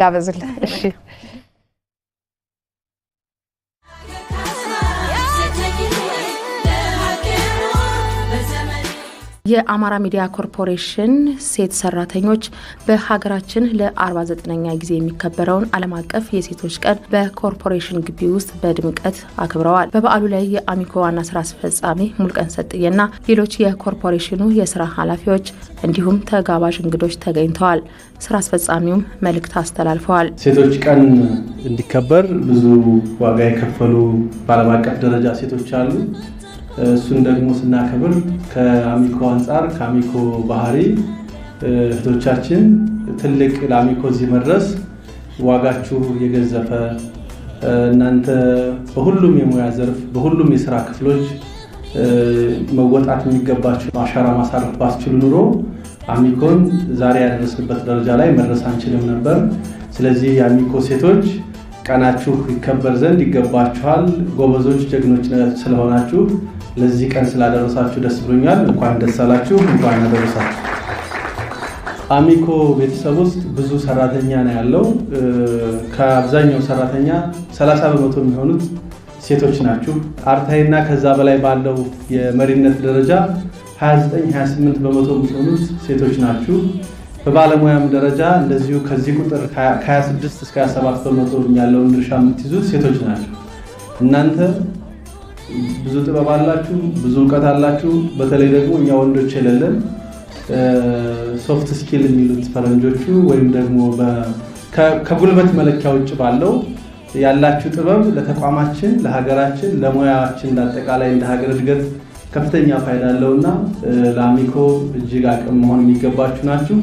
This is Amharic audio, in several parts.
Daha özür dilerim. የአማራ ሚዲያ ኮርፖሬሽን ሴት ሰራተኞች በሀገራችን ለ49ኛ ጊዜ የሚከበረውን ዓለም አቀፍ የሴቶች ቀን በኮርፖሬሽን ግቢ ውስጥ በድምቀት አክብረዋል። በበዓሉ ላይ የአሚኮ ዋና ስራ አስፈጻሚ ሙልቀን ሰጥዬና ሌሎች የኮርፖሬሽኑ የስራ ኃላፊዎች እንዲሁም ተጋባዥ እንግዶች ተገኝተዋል። ስራ አስፈጻሚውም መልእክት አስተላልፈዋል። ሴቶች ቀን እንዲከበር ብዙ ዋጋ የከፈሉ በዓለም አቀፍ ደረጃ ሴቶች አሉ። እሱን ደግሞ ስናከብር ከአሚኮ አንጻር ከአሚኮ ባህሪ እህቶቻችን ትልቅ ለአሚኮ እዚህ መድረስ ዋጋችሁ የገዘፈ እናንተ በሁሉም የሙያ ዘርፍ በሁሉም የስራ ክፍሎች መወጣት የሚገባችሁ አሻራ ማሳረፍ ባስችሉ ኑሮ አሚኮን ዛሬ ያደረስንበት ደረጃ ላይ መድረስ አንችልም ነበር። ስለዚህ የአሚኮ ሴቶች ቀናችሁ ይከበር ዘንድ ይገባችኋል። ጎበዞች፣ ጀግኖች ስለሆናችሁ ለዚህ ቀን ስላደረሳችሁ ደስ ብሎኛል። እንኳን ደስ አላችሁ፣ እንኳን አደረሳችሁ። አሚኮ ቤተሰብ ውስጥ ብዙ ሰራተኛ ነው ያለው። ከአብዛኛው ሰራተኛ 30 በመቶ የሚሆኑት ሴቶች ናችሁ። አርታይና ከዛ በላይ ባለው የመሪነት ደረጃ 29 28 በመቶ የሚሆኑት ሴቶች ናችሁ። በባለሙያም ደረጃ እንደዚሁ ከዚህ ቁጥር ከ26 እስከ 27 በመቶ ያለውን ድርሻ የምትይዙት ሴቶች ናቸው። እናንተ ብዙ ጥበብ አላችሁ፣ ብዙ እውቀት አላችሁ። በተለይ ደግሞ እኛ ወንዶች የሌለን ሶፍት ስኪል የሚሉት ፈረንጆቹ ወይም ደግሞ ከጉልበት መለኪያ ውጭ ባለው ያላችሁ ጥበብ ለተቋማችን፣ ለሀገራችን፣ ለሙያችን እንዳጠቃላይ እንደ ሀገር እድገት ከፍተኛ ፋይዳ አለው እና ለአሚኮ እጅግ አቅም መሆን የሚገባችሁ ናችሁ።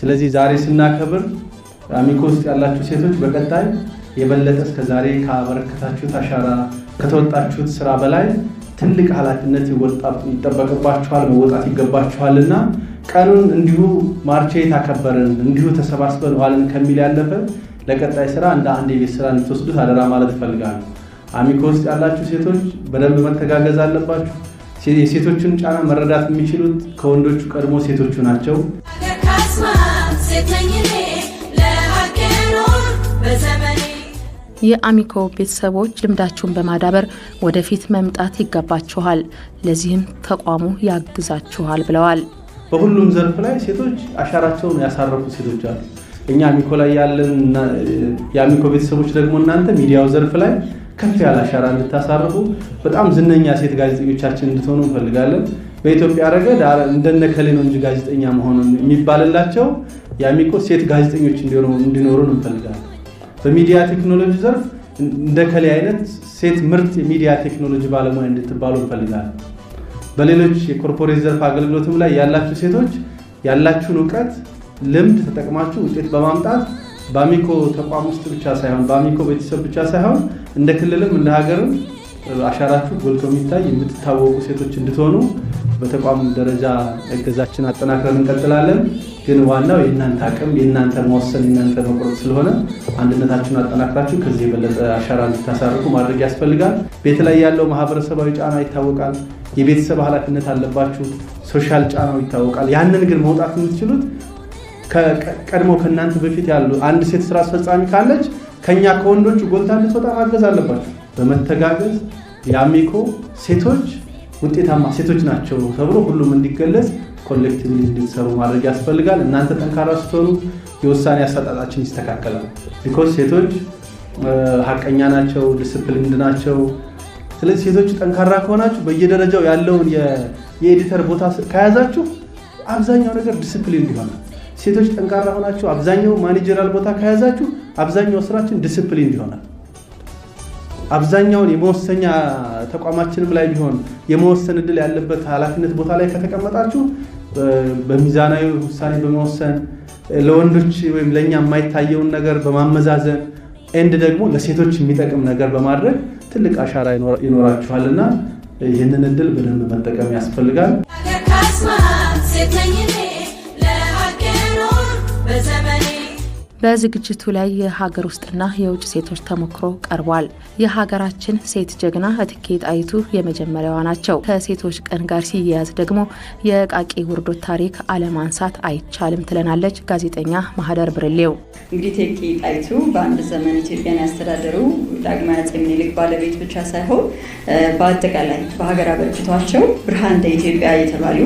ስለዚህ ዛሬ ስናከብር አሚኮ ውስጥ ያላችሁ ሴቶች በቀጣይ የበለጠ እስከዛሬ ካበረከታችሁት አሻራ ከተወጣችሁት ስራ በላይ ትልቅ ኃላፊነት ይጠበቅባችኋል፣ መወጣት ይገባችኋል እና ቀኑን እንዲሁ ማርቼ አከበርን እንዲሁ ተሰባስበን ዋልን ከሚል ያለፈ ለቀጣይ ስራ እንደ አንድ የቤት ስራ እንድትወስዱት አደራ ማለት ይፈልጋል። አሚኮ ውስጥ ያላችሁ ሴቶች በደንብ መተጋገዝ አለባችሁ። የሴቶችን ጫና መረዳት የሚችሉት ከወንዶቹ ቀድሞ ሴቶቹ ናቸው። የአሚኮ ቤተሰቦች ልምዳችሁን በማዳበር ወደፊት መምጣት ይገባችኋል፣ ለዚህም ተቋሙ ያግዛችኋል ብለዋል። በሁሉም ዘርፍ ላይ ሴቶች አሻራቸውን ያሳረፉ ሴቶች አሉ። እኛ አሚኮ ላይ ያለን የአሚኮ ቤተሰቦች ደግሞ እናንተ ሚዲያው ዘርፍ ላይ ከፍ ያለ አሻራ እንድታሳርፉ በጣም ዝነኛ ሴት ጋዜጠኞቻችን እንድትሆኑ እንፈልጋለን። በኢትዮጵያ ረገድ እንደነ ከሌ ነው እንጂ ጋዜጠኛ መሆኑን የሚባልላቸው የአሚኮ ሴት ጋዜጠኞች እንዲኖሩን እንፈልጋለን። በሚዲያ ቴክኖሎጂ ዘርፍ እንደከሌ አይነት ሴት ምርጥ የሚዲያ ቴክኖሎጂ ባለሙያ እንድትባሉ እንፈልጋለን። በሌሎች የኮርፖሬት ዘርፍ አገልግሎትም ላይ ያላችሁ ሴቶች ያላችሁን እውቀት፣ ልምድ ተጠቅማችሁ ውጤት በማምጣት በአሚኮ ተቋም ውስጥ ብቻ ሳይሆን በአሚኮ ቤተሰብ ብቻ ሳይሆን እንደ ክልልም እንደ ሀገርም አሻራችሁ ጎልቶ የሚታይ የምትታወቁ ሴቶች እንድትሆኑ በተቋም ደረጃ እገዛችን አጠናክረን እንቀጥላለን። ግን ዋናው የእናንተ አቅም፣ የእናንተ መወሰን፣ የእናንተ መቁረጥ ስለሆነ አንድነታችሁን አጠናክራችሁ ከዚህ የበለጠ አሻራ እንድታሳርፉ ማድረግ ያስፈልጋል። ቤት ላይ ያለው ማህበረሰባዊ ጫና ይታወቃል። የቤተሰብ ኃላፊነት አለባችሁ። ሶሻል ጫናው ይታወቃል። ያንን ግን መውጣት የምትችሉት ቀድሞ ከእናንተ በፊት ያሉ አንድ ሴት ስራ አስፈጻሚ ካለች ከኛ ከወንዶቹ ጎልታ እንድትወጣ ማገዝ አለባችሁ። በመተጋገዝ የአሚኮ ሴቶች ውጤታማ ሴቶች ናቸው ተብሎ ሁሉም እንዲገለጽ ኮሌክቲቭ እንዲሰሩ ማድረግ ያስፈልጋል። እናንተ ጠንካራ ስትሆኑ የውሳኔ አሰጣጣችን ይስተካከላል። ቢኮዝ ሴቶች ሀቀኛ ናቸው፣ ዲስፕሊንድ ናቸው። ስለዚህ ሴቶች ጠንካራ ከሆናችሁ በየደረጃው ያለውን የኤዲተር ቦታ ከያዛችሁ አብዛኛው ነገር ዲስፕሊን ይሆናል። ሴቶች ጠንካራ ሆናችሁ አብዛኛው ማኔጀራል ቦታ ከያዛችሁ አብዛኛው ስራችን ዲስፕሊን ይሆናል። አብዛኛውን የመወሰኛ ተቋማችንም ላይ ቢሆን የመወሰን እድል ያለበት ኃላፊነት ቦታ ላይ ከተቀመጣችሁ በሚዛናዊ ውሳኔ በመወሰን ለወንዶች ወይም ለእኛ የማይታየውን ነገር በማመዛዘን ኤንድ ደግሞ ለሴቶች የሚጠቅም ነገር በማድረግ ትልቅ አሻራ ይኖራችኋል እና ይህንን እድል በደንብ መጠቀም ያስፈልጋል። በዝግጅቱ ላይ የሀገር ውስጥና የውጭ ሴቶች ተሞክሮ ቀርቧል። የሀገራችን ሴት ጀግና እቴጌ ጣይቱ የመጀመሪያዋ ናቸው። ከሴቶች ቀን ጋር ሲያያዝ ደግሞ የቃቂ ውርዶት ታሪክ አለማንሳት አይቻልም ትለናለች ጋዜጠኛ ማህደር ብርሌው። እንግዲህ እቴጌ ጣይቱ በአንድ ዘመን ኢትዮጵያን ያስተዳደሩ ዳግማዊ አፄ ምኒልክ ባለቤት ብቻ ሳይሆን በአጠቃላይ በሀገር አበርክቷቸው ብርሃን እንደ ኢትዮጵያ የተባሉ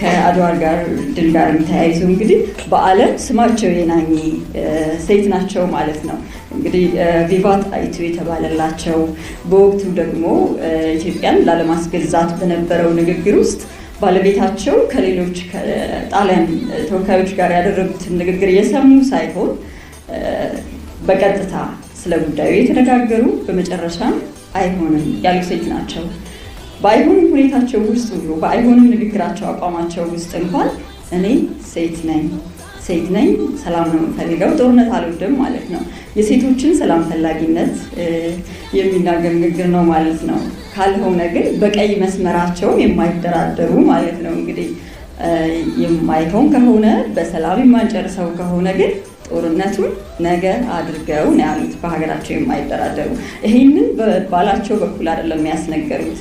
ከአድዋ ጋር ድል ጋር ተያይዞ እንግዲህ በዓለም ስማቸው የናኝ ሴት ናቸው ማለት ነው። እንግዲህ ቪቫት ጣይቱ የተባለላቸው በወቅቱ ደግሞ ኢትዮጵያን ላለማስገዛት በነበረው ንግግር ውስጥ ባለቤታቸው ከሌሎች ጣሊያን ተወካዮች ጋር ያደረጉትን ንግግር የሰሙ ሳይሆን በቀጥታ ስለ ጉዳዩ የተነጋገሩ በመጨረሻም አይሆንም ያሉ ሴት ናቸው። በአይሆንም ሁኔታቸው ውስጥ ሁሉ በአይሆንም ንግግራቸው፣ አቋማቸው ውስጥ እንኳን እኔ ሴት ነኝ ሴት ነኝ፣ ሰላም ነው የምፈልገው፣ ጦርነት አልወድም ማለት ነው። የሴቶችን ሰላም ፈላጊነት የሚናገር ንግግር ነው ማለት ነው። ካልሆነ ግን በቀይ መስመራቸው የማይደራደሩ ማለት ነው። እንግዲህ የማይሆን ከሆነ በሰላም የማንጨርሰው ከሆነ ግን ጦርነቱን ነገ አድርገው ነው ያሉት። በሀገራቸው የማይደራደሩ ይህንን ባላቸው በኩል አይደለም ያስነገሩት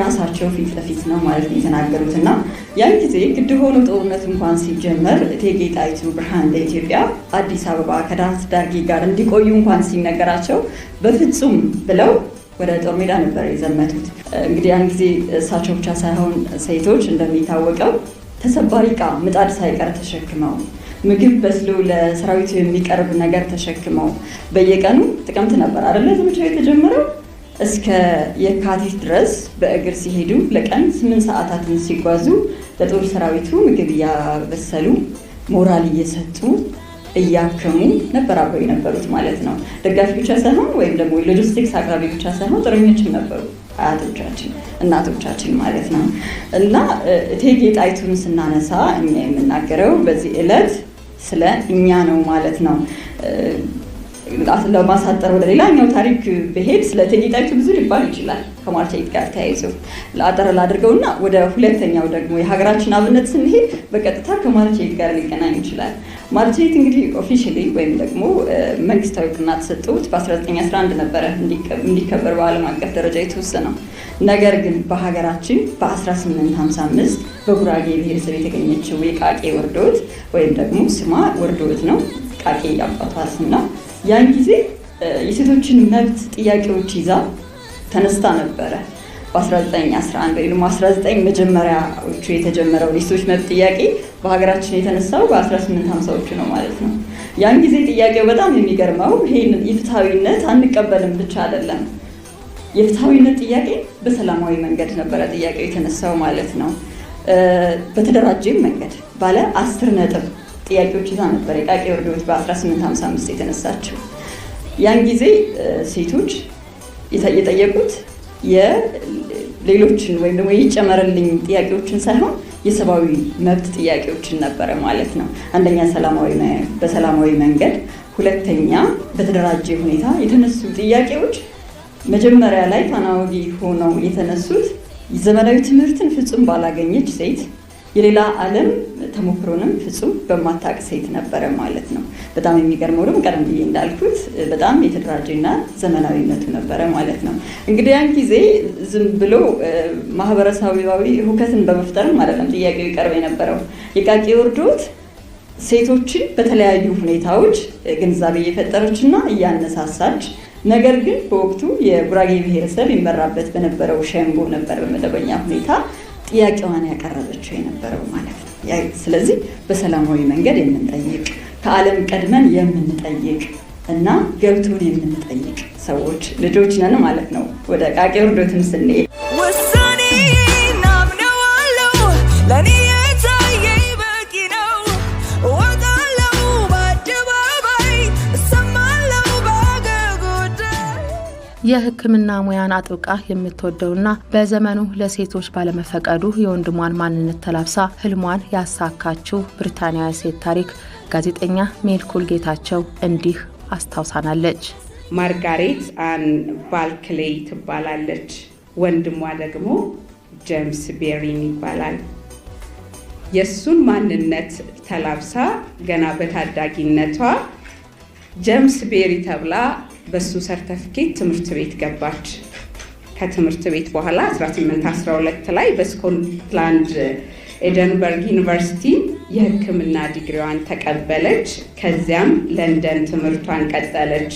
ራሳቸው ፊት ለፊት ነው ማለት ነው የተናገሩት እና ያን ጊዜ ግድ ሆኖ ጦርነት እንኳን ሲጀመር እቴጌ ጣይቱ ብርሃን ለኢትዮጵያ አዲስ አበባ ከዳንስ ዳርጌ ጋር እንዲቆዩ እንኳን ሲነገራቸው በፍጹም ብለው ወደ ጦር ሜዳ ነበር የዘመቱት። እንግዲህ ያን ጊዜ እሳቸው ብቻ ሳይሆን ሴቶች እንደሚታወቀው ተሰባሪ ዕቃ ምጣድ ሳይቀር ተሸክመው ምግብ በስሎ ለሰራዊቱ የሚቀርብ ነገር ተሸክመው በየቀኑ ጥቅምት ነበር አደለ ዘመቻው የተጀመረው። እስከ የካቲት ድረስ በእግር ሲሄዱ ለቀን ስምንት ሰዓታትን ሲጓዙ ለጦር ሰራዊቱ ምግብ እያበሰሉ ሞራል እየሰጡ እያከሙ ነበር አብረው የነበሩት ማለት ነው። ደጋፊ ብቻ ሳይሆን ወይም ደግሞ ሎጂስቲክስ አቅራቢ ብቻ ሳይሆን ጦረኞችም ነበሩ አያቶቻችን፣ እናቶቻችን ማለት ነው። እና እቴጌ ጣይቱን ስናነሳ እኛ የምናገረው በዚህ ዕለት ስለ እኛ ነው ማለት ነው። ለማሳጠር ወደ ሌላኛው ታሪክ ብሄድ ስለ እቴጌ ጣይቱ ብዙ ሊባል ይችላል። ከማርታይት ጋር ተያይዞ ለአጠር ላድርገውና ወደ ሁለተኛው ደግሞ የሀገራችን አብነት ስንሄድ በቀጥታ ከማርታይት ጋር ሊገናኝ ይችላል። ማርታይት እንግዲህ ኦፊሻሊ ወይም ደግሞ መንግስታዊ እውቅና ተሰጠውት በ1911 ነበረ እንዲከበር በዓለም አቀፍ ደረጃ የተወሰነው። ነገር ግን በሀገራችን በ1855 በጉራጌ ብሔረሰብ የተገኘችው የቃቄ ወርዶት ወይም ደግሞ ስሟ ወርዶት ነው። ቃቄ የአባቷ ስም ነው። ያን ጊዜ የሴቶችን መብት ጥያቄዎች ይዛ ተነስታ ነበረ። በ1911 ወይም 19 መጀመሪያዎቹ የተጀመረው የሴቶች መብት ጥያቄ በሀገራችን የተነሳው በ1850ዎቹ ነው ማለት ነው። ያን ጊዜ ጥያቄው በጣም የሚገርመው ይህን የፍትሐዊነት አንቀበልም ብቻ አይደለም። የፍትሐዊነት ጥያቄ በሰላማዊ መንገድ ነበረ ጥያቄው የተነሳው ማለት ነው። በተደራጀም መንገድ ባለ አስር ነጥብ ጥያቄዎች ይዛ ነበር። የቃቂ ወርዶች በ1855 የተነሳችው ያን ጊዜ ሴቶች የጠየቁት የሌሎችን ወይም ደግሞ ይጨመርልኝ ጥያቄዎችን ሳይሆን የሰብአዊ መብት ጥያቄዎችን ነበረ ማለት ነው። አንደኛ በሰላማዊ መንገድ፣ ሁለተኛ በተደራጀ ሁኔታ የተነሱ ጥያቄዎች መጀመሪያ ላይ ታናወጊ ሆነው የተነሱት ዘመናዊ ትምህርትን ፍጹም ባላገኘች ሴት የሌላ ዓለም ተሞክሮንም ፍጹም በማታቅ ሴት ነበረ ማለት ነው። በጣም የሚገርመው ደግሞ ቀደም ብዬ እንዳልኩት በጣም የተደራጀና ዘመናዊነቱ ነበረ ማለት ነው። እንግዲህ ያን ጊዜ ዝም ብሎ ማህበረሰባዊ ሁከትን በመፍጠርም አይደለም ጥያቄው ይቀርብ የነበረው የቃቂ ወርዶት ሴቶችን በተለያዩ ሁኔታዎች ግንዛቤ እየፈጠረችና እያነሳሳች ነገር ግን በወቅቱ የጉራጌ ብሔረሰብ ይመራበት በነበረው ሸንጎ ነበር በመደበኛ ሁኔታ ጥያቄዋን ያቀረበችው የነበረው ማለት ነው። ስለዚህ በሰላማዊ መንገድ የምንጠይቅ ከዓለም ቀድመን የምንጠይቅ እና ገብቶን የምንጠይቅ ሰዎች ልጆች ነን ማለት ነው። ወደ ቃቄ ውርዶትን ስንሄድ የሕክምና ሙያን አጥብቃ የምትወደውና በዘመኑ ለሴቶች ባለመፈቀዱ የወንድሟን ማንነት ተላብሳ ህልሟን ያሳካችው ብሪታንያዊ ሴት ታሪክ ጋዜጠኛ ሜልኩል ጌታቸው እንዲህ አስታውሳናለች። ማርጋሬት አን ባልክሌይ ትባላለች። ወንድሟ ደግሞ ጀምስ ቤሪን ይባላል። የእሱን ማንነት ተላብሳ ገና በታዳጊነቷ ጀምስ ቤሪ ተብላ በሱ ሰርተፍኬት ትምህርት ቤት ገባች። ከትምህርት ቤት በኋላ 1812 ላይ በስኮትላንድ ኤደንበርግ ዩኒቨርሲቲ የህክምና ዲግሪዋን ተቀበለች። ከዚያም ለንደን ትምህርቷን ቀጠለች።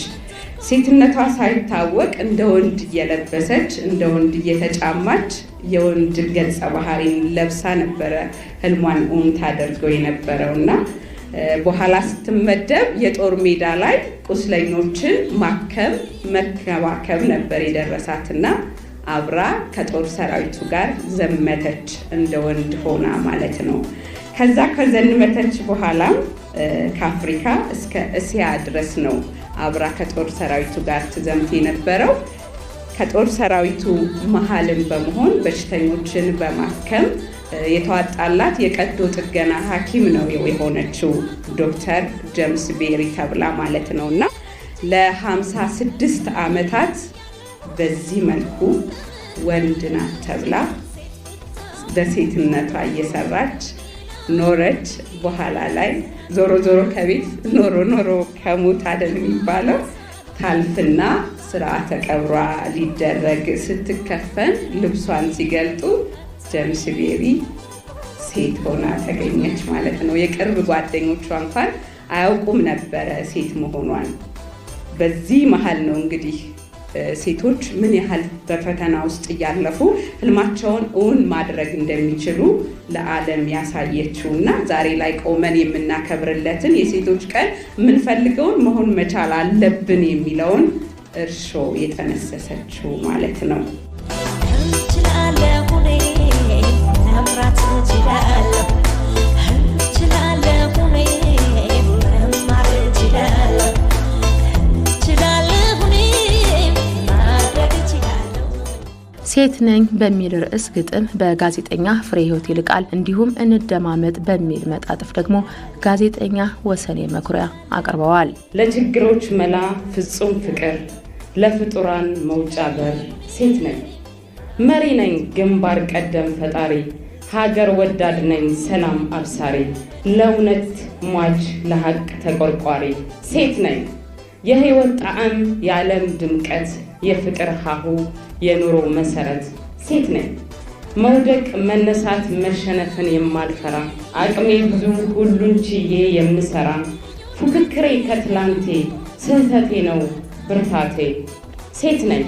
ሴትነቷ ሳይታወቅ እንደ ወንድ እየለበሰች እንደ ወንድ እየተጫማች የወንድ ገጸ ባህሪን ለብሳ ነበረ ህልሟን እውን ታደርገው እና በኋላ ስትመደብ የጦር ሜዳ ላይ ቁስለኞችን ማከም መከባከብ ነበር የደረሳትና አብራ ከጦር ሰራዊቱ ጋር ዘመተች እንደ ወንድ ሆና ማለት ነው። ከዛ ከዘንመተች በኋላም ከአፍሪካ እስከ እስያ ድረስ ነው አብራ ከጦር ሰራዊቱ ጋር ትዘምት የነበረው። ከጦር ሰራዊቱ መሀልን በመሆን በሽተኞችን በማከም የተዋጣላት የቀዶ ጥገና ሐኪም ነው የሆነችው ዶክተር ጀምስ ቤሪ ተብላ ማለት ነው እና ለ56 ዓመታት በዚህ መልኩ ወንድ ናት ተብላ በሴትነቷ እየሰራች ኖረች። በኋላ ላይ ዞሮ ዞሮ ከቤት ኖሮ ኖሮ ከሞት አይደል የሚባለው ታልፍና ስርዓተ ቀብሯ ሊደረግ ስትከፈን ልብሷን ሲገልጡ ጀምስ ቤቢ ሴት ሆና ተገኘች ማለት ነው። የቅርብ ጓደኞቿ እንኳን አያውቁም ነበረ ሴት መሆኗን። በዚህ መሀል ነው እንግዲህ ሴቶች ምን ያህል በፈተና ውስጥ እያለፉ ህልማቸውን እውን ማድረግ እንደሚችሉ ለዓለም ያሳየችው እና ዛሬ ላይ ቆመን የምናከብርለትን የሴቶች ቀን የምንፈልገውን መሆን መቻል አለብን የሚለውን እርሾ የጠነሰሰችው ማለት ነው። መስራት ሴት ነኝ በሚል ርዕስ ግጥም በጋዜጠኛ ፍሬ ህይወት ይልቃል እንዲሁም እንደማመጥ በሚል መጣጥፍ ደግሞ ጋዜጠኛ ወሰኔ መኩሪያ አቅርበዋል። ለችግሮች መላ ፍጹም ፍቅር ለፍጡራን መውጫ በር ሴት ነኝ መሪ ነኝ ግንባር ቀደም ፈጣሪ ሀገር ወዳድ ነኝ ሰላም አብሳሪ፣ ለእውነት ሟች ለሀቅ ተቆርቋሪ። ሴት ነኝ የሕይወት ጣዕም የዓለም ድምቀት፣ የፍቅር ሀሁ የኑሮ መሰረት። ሴት ነኝ መውደቅ መነሳት መሸነፍን የማልፈራ አቅሜ ብዙ ሁሉን ችዬ የምሰራ ፉክክሬ ከትላንቴ ስህተቴ ነው ብርታቴ። ሴት ነኝ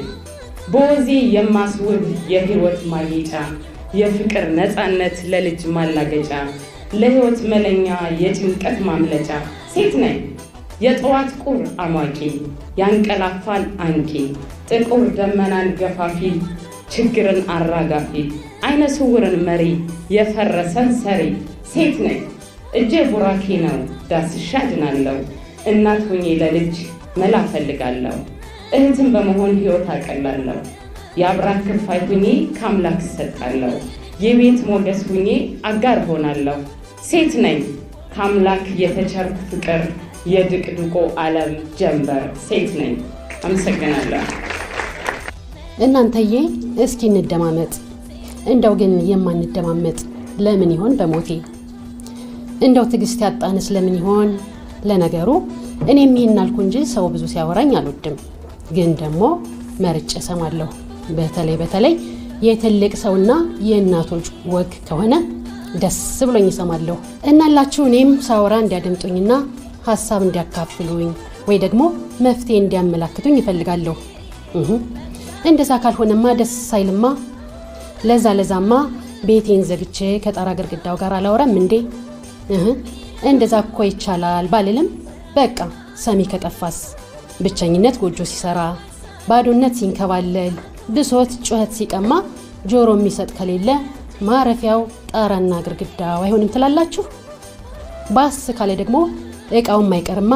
በወዜ የማስውብ የሕይወት ማጌጫ የፍቅር ነፃነት ለልጅ ማላገጫ ለህይወት መለኛ የጭንቀት ማምለጫ ሴት ነኝ የጠዋት ቁር አሟቂ ያንቀላፋል አንቂ ጥቁር ደመናን ገፋፊ ችግርን አራጋፊ አይነ ስውርን መሪ የፈረሰን ሰሪ ሴት ነኝ እጄ ቡራኬ ነው ዳስሻ ድናለሁ እናት ሁኜ ለልጅ መላ ፈልጋለሁ እህትን በመሆን ህይወት አቀላለሁ የአብራን ክፋይ ሁኜ ከአምላክ እሰጣለሁ። የቤት ሞገስ ሁኜ አጋር ሆናለሁ። ሴት ነኝ ከአምላክ የተቸርኩ ፍቅር የድቅድቆ ዓለም ጀንበር ሴት ነኝ። አመሰግናለሁ። እናንተዬ እስኪ እንደማመጥ። እንደው ግን የማንደማመጥ ለምን ይሆን በሞቴ? እንደው ትዕግስት ያጣንስ ለምን ይሆን? ለነገሩ እኔም ይህን አልኩ እንጂ ሰው ብዙ ሲያወራኝ አልወድም። ግን ደግሞ መርጬ እሰማለሁ። በተለይ በተለይ የትልቅ ሰውና የእናቶች ወግ ከሆነ ደስ ብሎኝ ይሰማለሁ። እናላችሁ እኔም ሳውራ እንዲያደምጡኝና ሀሳብ እንዲያካፍሉኝ ወይ ደግሞ መፍትሄ እንዲያመላክቱኝ ይፈልጋለሁ። እንደዛ ካልሆነማ ደስ ሳይልማ ለዛ ለዛማ ቤቴን ዘግቼ ከጣራ ግርግዳው ጋር አላውረም እንዴ? እንደዛ እኮ ይቻላል ባልልም በቃ ሰሚ ከጠፋስ ብቸኝነት ጎጆ ሲሰራ፣ ባዶነት ሲንከባለል ብሶት፣ ጩኸት ሲቀማ ጆሮ የሚሰጥ ከሌለ ማረፊያው ጣራና ግርግዳው አይሆንም ትላላችሁ። ባስ ካለ ደግሞ እቃውን ማይቀርማ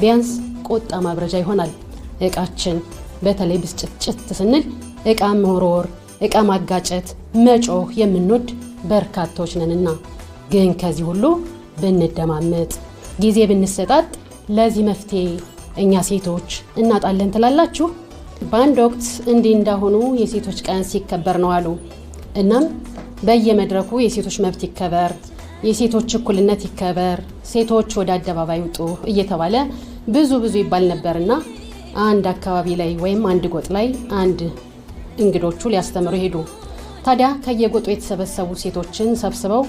ቢያንስ ቆጣ ማብረጃ ይሆናል። እቃችን በተለይ ብስጭትጭት ስንል እቃ መወርወር፣ እቃ ማጋጨት፣ መጮህ የምንወድ በርካቶች ነንና ግን ከዚህ ሁሉ ብንደማመጥ፣ ጊዜ ብንሰጣጥ ለዚህ መፍትሄ እኛ ሴቶች እናጣለን ትላላችሁ። በአንድ ወቅት እንዲህ እንዳሆኑ የሴቶች ቀን ሲከበር ነው አሉ። እናም በየመድረኩ የሴቶች መብት ይከበር፣ የሴቶች እኩልነት ይከበር፣ ሴቶች ወደ አደባባይ ውጡ እየተባለ ብዙ ብዙ ይባል ነበርና አንድ አካባቢ ላይ ወይም አንድ ጎጥ ላይ አንድ እንግዶቹ ሊያስተምሩ ሄዱ። ታዲያ ከየጎጡ የተሰበሰቡ ሴቶችን ሰብስበው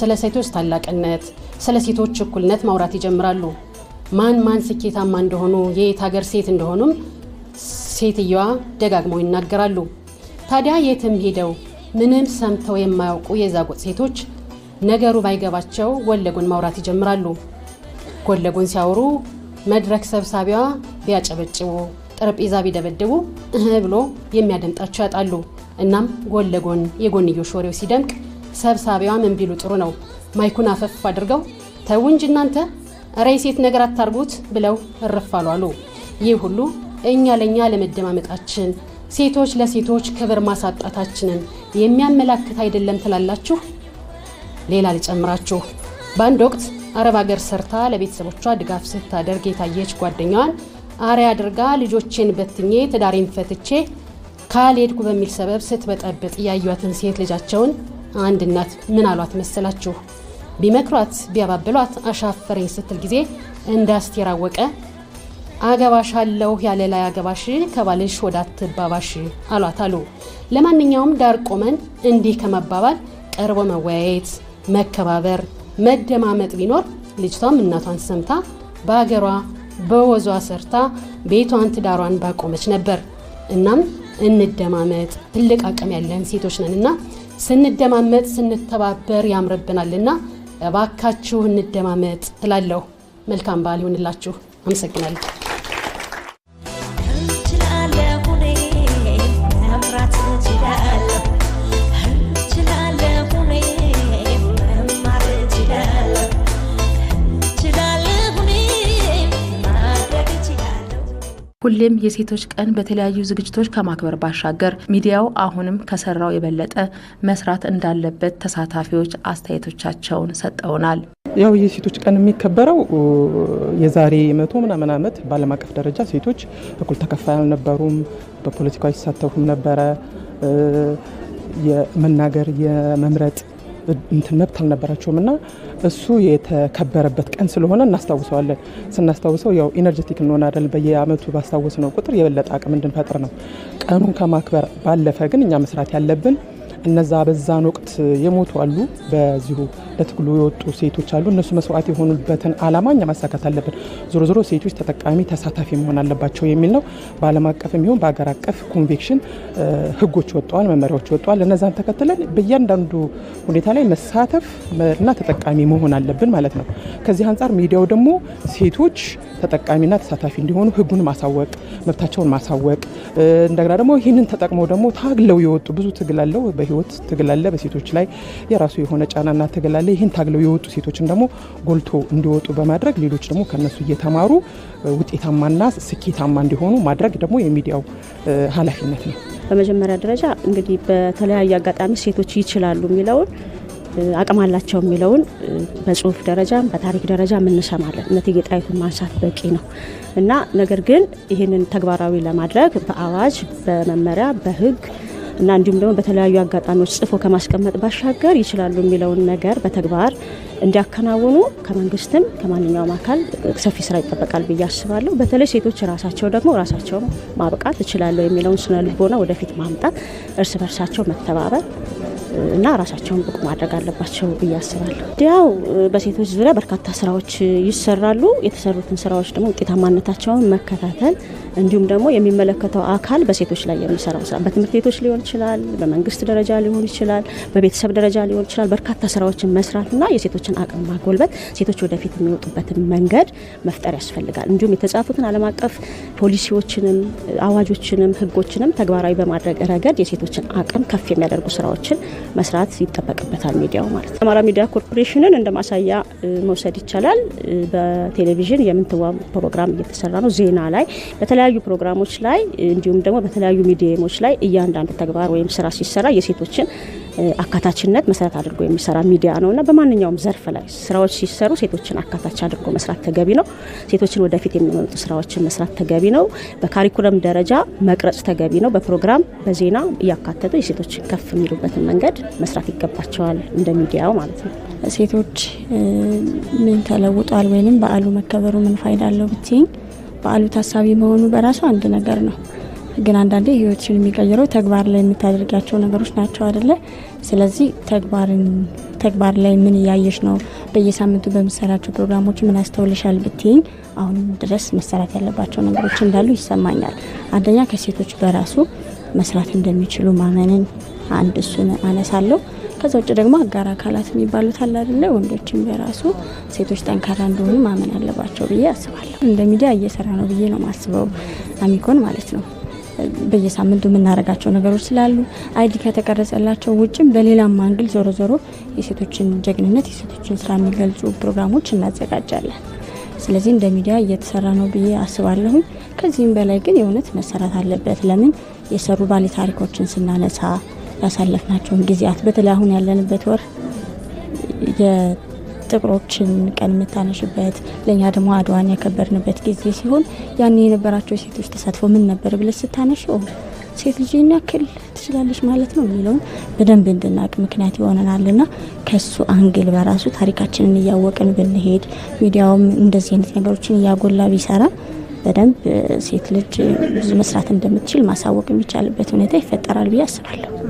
ስለ ሴቶች ታላቅነት፣ ስለ ሴቶች እኩልነት ማውራት ይጀምራሉ። ማን ማን ስኬታማ እንደሆኑ የየት ሀገር ሴት እንደሆኑም ሴትየዋ ደጋግመው ይናገራሉ። ታዲያ የትም ሄደው ምንም ሰምተው የማያውቁ የዛጎት ሴቶች ነገሩ ባይገባቸው ወለጎን ማውራት ይጀምራሉ። ወለጎን ሲያወሩ መድረክ ሰብሳቢዋ ቢያጨበጭቡ፣ ጠረጴዛ ቢደበድቡ እህ ብሎ የሚያደምጣቸው ያጣሉ። እናም ጎለጎን የጎንዮሽ ወሬው ሲደምቅ ሰብሳቢዋ ምን ቢሉ ጥሩ ነው? ማይኩን አፈፍ አድርገው ተው እንጂ እናንተ ኧረ የሴት ነገር አታርጉት ብለው እርፋሉ አሉ። ይህ ሁሉ እኛ ለእኛ ለመደማመጣችን ሴቶች ለሴቶች ክብር ማሳጣታችንን የሚያመላክት አይደለም ትላላችሁ? ሌላ ልጨምራችሁ። በአንድ ወቅት አረብ ሀገር ሰርታ ለቤተሰቦቿ ድጋፍ ስታደርግ የታየች ጓደኛዋን አሬ አድርጋ ልጆቼን በትኜ ትዳሬን ፈትቼ ካልሄድኩ በሚል ሰበብ ስትበጠብጥ ያዩዋትን ሴት ልጃቸውን አንድ እናት ምን አሏት መሰላችሁ? ቢመክሯት ቢያባብሏት አሻፈረኝ ስትል ጊዜ እንዳስቴር አወቀ አገባሻለሁ ያለ ላይ አገባሽ ከባልሽ ወደ አትባባሽ አሏት አሉ። ለማንኛውም ዳር ቆመን እንዲህ ከመባባል ቀርቦ መወያየት፣ መከባበር፣ መደማመጥ ቢኖር ልጅቷም እናቷን ሰምታ በአገሯ በወዟ ሰርታ ቤቷን ትዳሯን ባቆመች ነበር። እናም እንደማመጥ ትልቅ አቅም ያለን ሴቶች ነንና ስንደማመጥ ስንተባበር ያምርብናልና እባካችሁ እንደማመጥ ትላለሁ። መልካም በዓል ይሁንላችሁ። አመሰግናለሁ። ሁሌም የሴቶች ቀን በተለያዩ ዝግጅቶች ከማክበር ባሻገር ሚዲያው አሁንም ከሰራው የበለጠ መስራት እንዳለበት ተሳታፊዎች አስተያየቶቻቸውን ሰጠውናል። ያው የሴቶች ቀን የሚከበረው የዛሬ መቶ ምናምን ዓመት በዓለም አቀፍ ደረጃ ሴቶች እኩል ተከፋይ አልነበሩም፣ በፖለቲካ አይሳተፉም ነበረ። የመናገር የመምረጥ መብት አልነበራቸውም እና እሱ የተከበረበት ቀን ስለሆነ እናስታውሰዋለን። ስናስታውሰው ያው ኢነርጀቲክ እንሆናለን። በየአመቱ ባስታወስ ነው ቁጥር የበለጠ አቅም እንድንፈጥር ነው። ቀኑን ከማክበር ባለፈ ግን እኛ መስራት ያለብን እነዛ በዛን ወቅት የሞቱ አሉ በዚሁ ለትግሉ የወጡ ሴቶች አሉ። እነሱ መስዋዕት የሆኑበትን አላማ እኛ ማሳካት አለብን። ዞሮ ዞሮ ሴቶች ተጠቃሚ ተሳታፊ መሆን አለባቸው የሚል ነው። በዓለም አቀፍ የሚሆን በሀገር አቀፍ ኮንቬክሽን ህጎች ወጥተዋል፣ መመሪያዎች ወጥተዋል። እነዛን ተከትለን በእያንዳንዱ ሁኔታ ላይ መሳተፍ እና ተጠቃሚ መሆን አለብን ማለት ነው። ከዚህ አንጻር ሚዲያው ደግሞ ሴቶች ተጠቃሚና ተሳታፊ እንዲሆኑ ህጉን ማሳወቅ፣ መብታቸውን ማሳወቅ እንደገና ደግሞ ይህንን ተጠቅመው ደግሞ ታግለው የወጡ ብዙ ትግል አለው። በህይወት ትግል አለ። በሴቶች ላይ የራሱ የሆነ ጫናና ትግል አለ። አለ። ይህን ታግለው የወጡ ሴቶችን ደግሞ ጎልቶ እንዲወጡ በማድረግ ሌሎች ደግሞ ከነሱ እየተማሩ ውጤታማና ስኬታማ እንዲሆኑ ማድረግ ደግሞ የሚዲያው ኃላፊነት ነው። በመጀመሪያ ደረጃ እንግዲህ በተለያዩ አጋጣሚ ሴቶች ይችላሉ የሚለውን አቅም አላቸው የሚለውን በጽሁፍ ደረጃ በታሪክ ደረጃ እንሰማለን። እቴጌ ጣይቱን ማንሳት በቂ ነው እና ነገር ግን ይህንን ተግባራዊ ለማድረግ በአዋጅ በመመሪያ በህግ እና እንዲሁም ደግሞ በተለያዩ አጋጣሚዎች ጽፎ ከማስቀመጥ ባሻገር ይችላሉ የሚለውን ነገር በተግባር እንዲያከናውኑ ከመንግስትም ከማንኛውም አካል ሰፊ ስራ ይጠበቃል ብዬ አስባለሁ። በተለይ ሴቶች ራሳቸው ደግሞ ራሳቸውም ማብቃት እችላለሁ የሚለውን ስነ ልቦና ወደፊት ማምጣት፣ እርስ በርሳቸው መተባበር እና ራሳቸውን ብቁ ማድረግ አለባቸው ብዬ አስባለሁ። ያው በሴቶች ዙሪያ በርካታ ስራዎች ይሰራሉ። የተሰሩትን ስራዎች ደግሞ ውጤታማነታቸውን መከታተል እንዲሁም ደግሞ የሚመለከተው አካል በሴቶች ላይ የሚሰራው ስራ በትምህርት ቤቶች ሊሆን ይችላል፣ በመንግስት ደረጃ ሊሆን ይችላል፣ በቤተሰብ ደረጃ ሊሆን ይችላል። በርካታ ስራዎችን መስራትና የሴቶችን አቅም ማጎልበት፣ ሴቶች ወደፊት የሚወጡበትን መንገድ መፍጠር ያስፈልጋል። እንዲሁም የተጻፉትን ዓለም አቀፍ ፖሊሲዎችንም አዋጆችንም ህጎችንም ተግባራዊ በማድረግ ረገድ የሴቶችን አቅም ከፍ የሚያደርጉ ስራዎችን መስራት ይጠበቅበታል ሚዲያው ማለት ነው። አማራ ሚዲያ ኮርፖሬሽንን እንደ ማሳያ መውሰድ ይቻላል። በቴሌቪዥን የምንትዋብ ፕሮግራም እየተሰራ ነው። ዜና ላይ፣ በተለያዩ ፕሮግራሞች ላይ እንዲሁም ደግሞ በተለያዩ ሚዲየሞች ላይ እያንዳንዱ ተግባር ወይም ስራ ሲሰራ የሴቶችን አካታችነት መሰረት አድርጎ የሚሰራ ሚዲያ ነው እና በማንኛውም ዘርፍ ላይ ስራዎች ሲሰሩ ሴቶችን አካታች አድርጎ መስራት ተገቢ ነው። ሴቶችን ወደፊት የሚመጡ ስራዎችን መስራት ተገቢ ነው። በካሪኩለም ደረጃ መቅረጽ ተገቢ ነው። በፕሮግራም በዜና እያካተቱ የሴቶችን ከፍ የሚሉበትን መንገድ መስራት ይገባቸዋል፣ እንደ ሚዲያው ማለት ነው። ሴቶች ምን ተለውጧል ወይም በዓሉ መከበሩ ምን ፋይዳ አለው ብትይኝ፣ በዓሉ ታሳቢ መሆኑ በራሱ አንድ ነገር ነው። ግን አንዳንዴ ህይወትሽን የሚቀይረው ተግባር ላይ የምታደርጋቸው ነገሮች ናቸው አደለ ስለዚህ ተግባር ላይ ምን እያየሽ ነው? በየሳምንቱ በምሰራቸው ፕሮግራሞች ምን አስተውልሻል ብትይኝ፣ አሁን ድረስ መሰራት ያለባቸው ነገሮች እንዳሉ ይሰማኛል። አንደኛ ከሴቶች በራሱ መስራት እንደሚችሉ ማመንን አንድ እሱን አነሳለሁ። ከዛ ውጭ ደግሞ አጋር አካላት የሚባሉት አለ አይደለ? በራሱ ሴቶች ጠንካራ እንደሆኑ ማመን አለባቸው ብዬ አስባለሁ። እንደ ሚዲያ እየሰራ ነው ብዬ ነው ማስበው አሚኮን ማለት ነው። በየሳምንቱ የምናደርጋቸው ነገሮች ስላሉ አይዲ ከተቀረጸላቸው ውጭም በሌላም አንግል ዞሮ ዞሮ የሴቶችን ጀግንነት፣ የሴቶችን ስራ የሚገልጹ ፕሮግራሞች እናዘጋጃለን። ስለዚህ እንደ ሚዲያ እየተሰራ ነው ብዬ አስባለሁ። ከዚህም በላይ ግን የእውነት መሰራት አለበት። ለምን የሰሩ ባሌ ታሪኮችን ስናነሳ ያሳለፍናቸውን ጊዜያት በተለይ አሁን ያለንበት ወር ጥቁሮችን ቀን የምታነሽበት ለእኛ ደግሞ አድዋን ያከበርንበት ጊዜ ሲሆን ያን የነበራቸው ሴቶች ተሳትፎ ምን ነበር ብለ ስታነሽ ሴት ልጅ ያክል ትችላለች ማለት ነው የሚለውን በደንብ እንድናቅ ምክንያት ይሆነናል ና ከሱ አንግል በራሱ ታሪካችንን እያወቅን ብንሄድ ሚዲያውም እንደዚህ አይነት ነገሮችን እያጎላ ቢሰራ በደንብ ሴት ልጅ ብዙ መስራት እንደምትችል ማሳወቅ የሚቻልበት ሁኔታ ይፈጠራል ብዬ አስባለሁ።